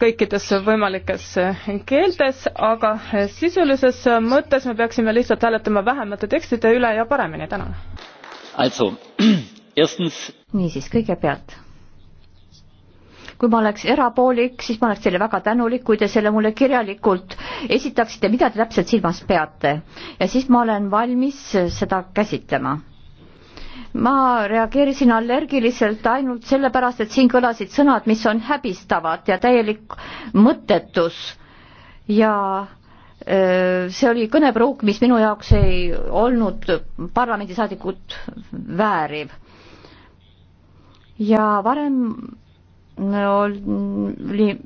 kõikides võimalikes keeltes, aga sisulises mõttes me peaksime lihtsalt hääletama vähemate tekstide üle ja paremini, tänan. niisiis, kõigepealt. kui ma oleks erapoolik, siis ma oleks teile väga tänulik, kui te selle mulle kirjalikult esitaksite, mida te täpselt silmas peate ja siis ma olen valmis seda käsitlema ma reageerisin allergiliselt ainult sellepärast, et siin kõlasid sõnad, mis on häbistavad ja täielik mõttetus ja see oli kõnepruuk, mis minu jaoks ei olnud parlamendisaadikut vääriv. ja varem oli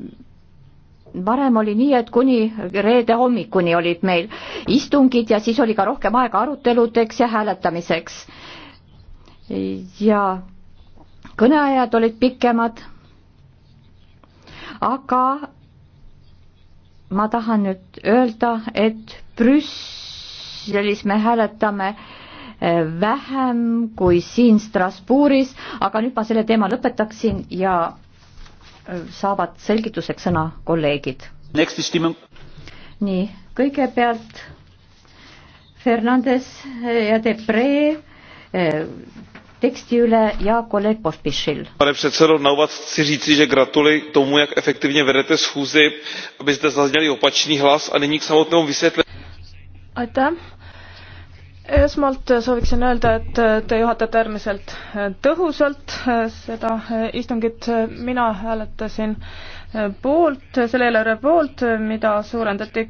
varem oli nii, et kuni reede hommikuni olid meil istungid ja siis oli ka rohkem aega aruteludeks ja hääletamiseks ja kõneajad olid pikemad, aga ma tahan nüüd öelda, et Brüsselis me hääletame äh, vähem kui siin Strasbourgis, aga nüüd ma selle teema lõpetaksin ja äh, saavad selgituseks sõna kolleegid. nii, kõigepealt Fernandes äh, ja Depree teksti üle ja kolleeg Pospišil. pane předsedo, na úvod chci říci, že gratuluji tomu, jak efektivně vedete schůzi, aby zde zazněl i opačný hlas a nyní k samotnému vysvětlení. aitäh esmalt sooviksin öelda, et te juhatate äärmiselt tõhusalt seda istungit. mina hääletasin poolt, selle eelarve poolt, mida suurendati